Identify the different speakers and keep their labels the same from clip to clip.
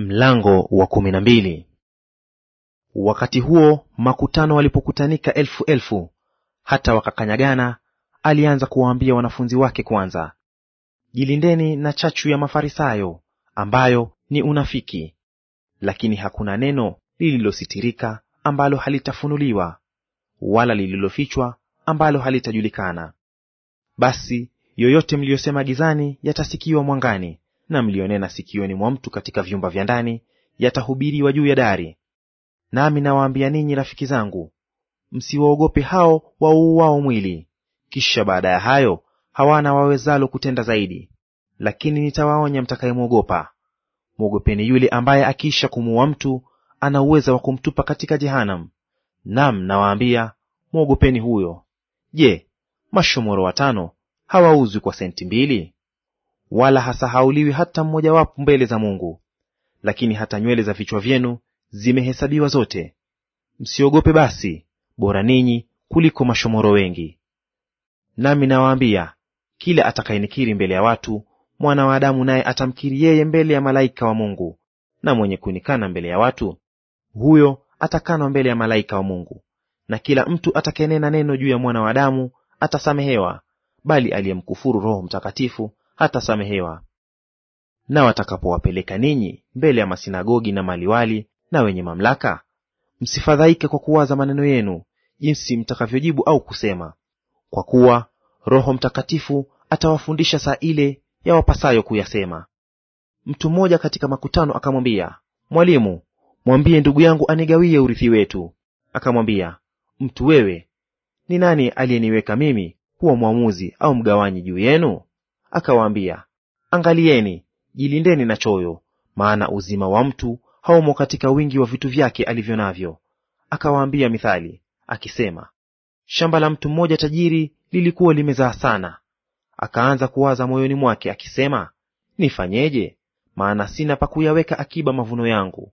Speaker 1: Mlango wa kumi na mbili. Wakati huo makutano walipokutanika elfu elfu hata wakakanyagana, alianza kuwaambia wanafunzi wake kwanza, jilindeni na chachu ya Mafarisayo ambayo ni unafiki. Lakini hakuna neno lililositirika ambalo halitafunuliwa, wala lililofichwa ambalo halitajulikana. Basi yoyote mliyosema gizani yatasikiwa mwangani, na mliyonena sikioni mwa mtu katika vyumba vya ndani yatahubiriwa juu ya dari. Nami nawaambia ninyi rafiki zangu, msiwaogope hao wauuao mwili, kisha baada ya hayo hawana wawezalo kutenda zaidi. Lakini nitawaonya mtakayemwogopa. Mwogopeni yule ambaye akiisha kumuua mtu ana uweza wa kumtupa katika jehanamu. Nam, nawaambia mwogopeni huyo. Je, mashomoro watano hawauzwi kwa senti mbili? wala hasahauliwi hata mmojawapo mbele za Mungu. Lakini hata nywele za vichwa vyenu zimehesabiwa zote. Msiogope basi, bora ninyi kuliko mashomoro wengi. Nami nawaambia, kila atakayenikiri mbele ya watu, mwana wa Adamu naye atamkiri yeye mbele ya malaika wa Mungu, na mwenye kunikana mbele ya watu, huyo atakanwa mbele ya malaika wa Mungu. Na kila mtu atakayenena neno juu ya mwana wa Adamu atasamehewa, bali aliyemkufuru Roho Mtakatifu hatasamehewa. Na watakapowapeleka ninyi mbele ya masinagogi na maliwali na wenye mamlaka, msifadhaike kwa kuwaza maneno yenu, jinsi mtakavyojibu au kusema, kwa kuwa Roho Mtakatifu atawafundisha saa ile ya wapasayo kuyasema. Mtu mmoja katika makutano akamwambia, Mwalimu, mwambie ndugu yangu anigawie urithi wetu. Akamwambia, mtu wewe, ni nani aliyeniweka mimi kuwa mwamuzi au mgawanyi juu yenu? akawaambia, Angalieni, jilindeni na choyo, maana uzima wa mtu haumo katika wingi wa vitu vyake alivyo navyo. Akawaambia mithali akisema, shamba la mtu mmoja tajiri lilikuwa limezaa sana. Akaanza kuwaza moyoni mwake akisema, nifanyeje? Maana sina pa kuyaweka akiba mavuno yangu.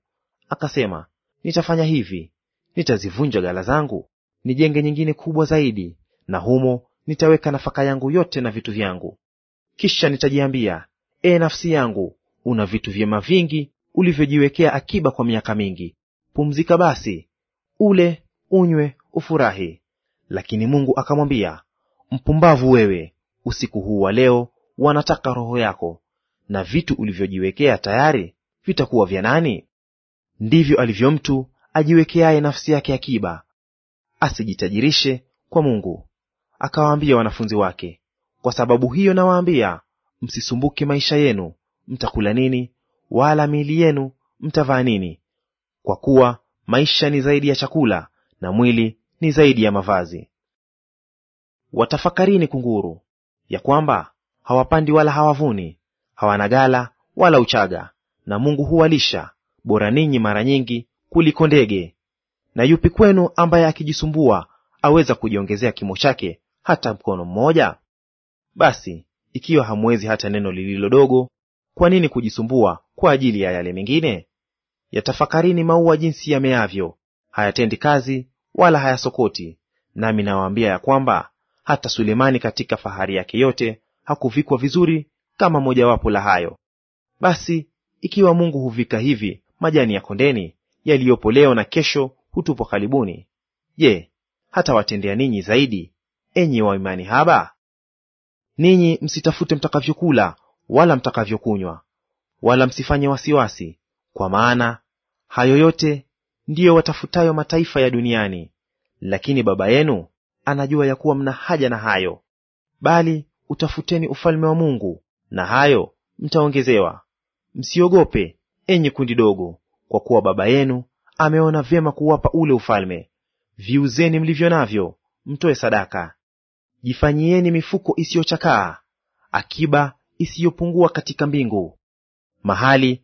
Speaker 1: Akasema, nitafanya hivi, nitazivunja gala zangu, nijenge nyingine kubwa zaidi, na humo nitaweka nafaka yangu yote na vitu vyangu. Kisha nitajiambia, e nafsi yangu, una vitu vyema vingi ulivyojiwekea akiba kwa miaka mingi; pumzika basi, ule, unywe, ufurahi. Lakini Mungu akamwambia, mpumbavu wewe, usiku huu wa leo wanataka roho yako, na vitu ulivyojiwekea tayari vitakuwa vya nani? Ndivyo alivyo mtu ajiwekeaye nafsi yake akiba, asijitajirishe kwa Mungu. Akawaambia wanafunzi wake, kwa sababu hiyo nawaambia, msisumbuke maisha yenu, mtakula nini, wala miili yenu mtavaa nini. Kwa kuwa maisha ni zaidi ya chakula, na mwili ni zaidi ya mavazi. Watafakarini kunguru, ya kwamba hawapandi wala hawavuni, hawana gala wala uchaga, na Mungu huwalisha. Bora ninyi mara nyingi kuliko ndege. Na yupi kwenu ambaye akijisumbua aweza kujiongezea kimo chake hata mkono mmoja? Basi ikiwa hamwezi hata neno lililo dogo, kwa nini kujisumbua kwa ajili ya yale mengine? Yatafakarini maua jinsi yameavyo, hayatendi kazi wala hayasokoti. Nami nawaambia ya kwamba hata Sulemani katika fahari yake yote hakuvikwa vizuri kama mojawapo la hayo. Basi ikiwa Mungu huvika hivi majani ya kondeni yaliyopo leo na kesho hutupwa karibuni je, hatawatendea ninyi zaidi, enyi wa imani haba? Ninyi msitafute mtakavyokula wala mtakavyokunywa, wala msifanye wasiwasi, kwa maana hayo yote ndiyo watafutayo mataifa ya duniani, lakini Baba yenu anajua ya kuwa mna haja na hayo. Bali utafuteni ufalme wa Mungu, na hayo mtaongezewa. Msiogope, enyi kundi dogo, kwa kuwa Baba yenu ameona vyema kuwapa ule ufalme. Viuzeni mlivyo navyo, mtoe sadaka, jifanyieni mifuko isiyochakaa, akiba isiyopungua katika mbingu, mahali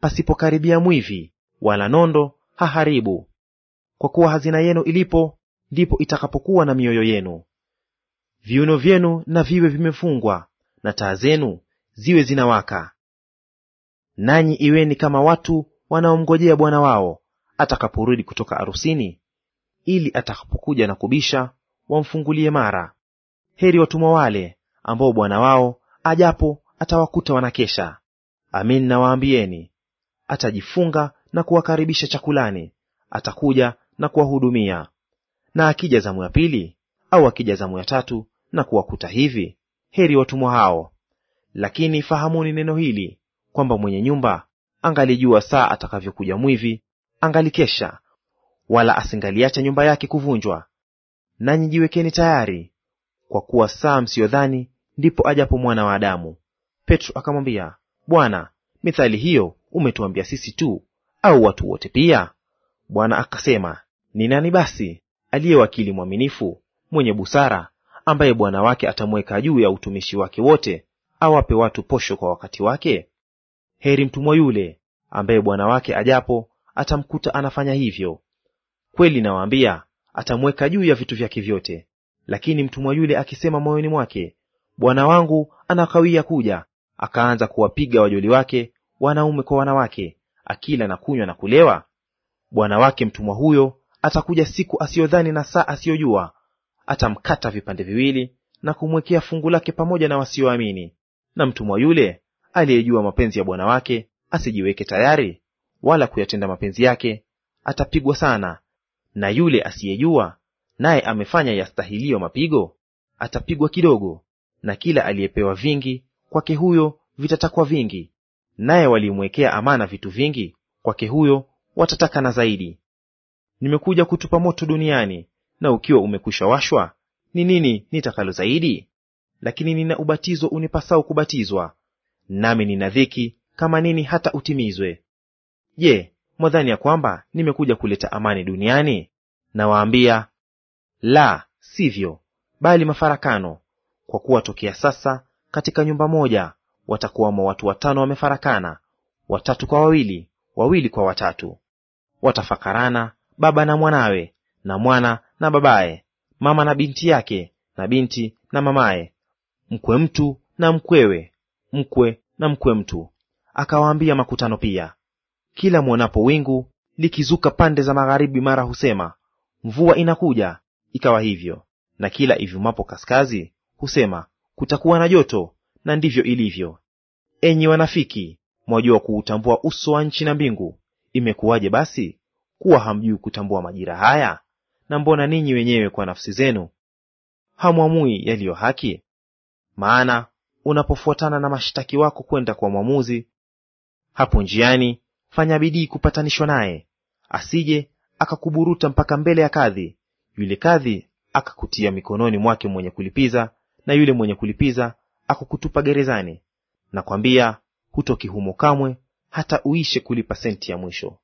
Speaker 1: pasipokaribia mwivi, wala nondo haharibu. Kwa kuwa hazina yenu ilipo, ndipo itakapokuwa na mioyo yenu. Viuno vyenu na viwe vimefungwa, na taa zenu ziwe zinawaka. Nanyi iweni kama watu wanaomngojea bwana wao atakaporudi kutoka arusini, ili atakapokuja na kubisha wamfungulie mara. Heri watumwa wale ambao bwana wao ajapo atawakuta wanakesha. Amin nawaambieni, atajifunga na kuwakaribisha chakulani, atakuja na kuwahudumia. Na akija zamu ya pili au akija zamu ya tatu na kuwakuta hivi, heri watumwa hao. Lakini fahamuni neno hili kwamba mwenye nyumba angalijua saa atakavyokuja mwivi, angalikesha, wala asingaliacha nyumba yake kuvunjwa. Nanyi jiwekeni tayari, kwa kuwa saa msiyodhani ndipo ajapo mwana wa Adamu. Petro akamwambia, Bwana, mithali hiyo umetuambia sisi tu au watu wote pia? Bwana akasema, ni nani basi aliye wakili mwaminifu mwenye busara, ambaye bwana wake atamweka juu ya utumishi wake wote, awape watu posho kwa wakati wake? Heri mtumwa yule ambaye bwana wake ajapo atamkuta anafanya hivyo. Kweli nawaambia, atamweka juu ya vitu vyake vyote. Lakini mtumwa yule akisema moyoni mwake, bwana wangu anakawia kuja, akaanza kuwapiga wajoli wake wanaume kwa wanawake, akila na kunywa na kulewa, bwana wake mtumwa huyo atakuja siku asiyodhani na saa asiyojua, atamkata vipande viwili na kumwekea fungu lake pamoja na wasioamini. Na mtumwa yule aliyejua mapenzi ya bwana wake asijiweke tayari wala kuyatenda mapenzi yake, atapigwa sana. Na yule asiyejua naye amefanya yastahiliyo mapigo, atapigwa kidogo; na kila aliyepewa vingi, kwake huyo vitatakwa vingi; naye walimwekea amana vitu vingi, kwake huyo watataka na zaidi. Nimekuja kutupa moto duniani, na ukiwa umekwisha washwa, ni nini nitakalo zaidi? Lakini nina ubatizo unipasao kubatizwa, nami nina dhiki kama nini hata utimizwe. Je, mwadhani ya kwamba nimekuja kuleta amani duniani? Nawaambia, la sivyo, bali mafarakano; kwa kuwa tokea sasa katika nyumba moja watakuwamo watu watano wamefarakana, watatu kwa wawili, wawili kwa watatu. Watafakarana baba na mwanawe, na mwana na babaye, mama na binti yake, na binti na mamaye, mkwe mtu na mkwewe, mkwe na mkwe mtu. Akawaambia makutano pia, kila mwonapo wingu likizuka pande za magharibi, mara husema mvua inakuja, Ikawa hivyo, na kila ivyumapo kaskazi husema kutakuwa na joto, na ndivyo ilivyo. Enyi wanafiki, mwajua kuutambua uso wa nchi na mbingu. Imekuwaje basi kuwa hamjui kutambua majira haya? Na mbona ninyi wenyewe kwa nafsi zenu hamwamui yaliyo haki? Maana unapofuatana na mashtaki wako kwenda kwa mwamuzi, hapo njiani fanya bidii kupatanishwa naye, asije akakuburuta mpaka mbele ya kadhi, yule kadhi akakutia mikononi mwake mwenye kulipiza, na yule mwenye kulipiza akakutupa gerezani, na kwambia, hutoki humo kamwe, hata uishe kulipa senti ya mwisho.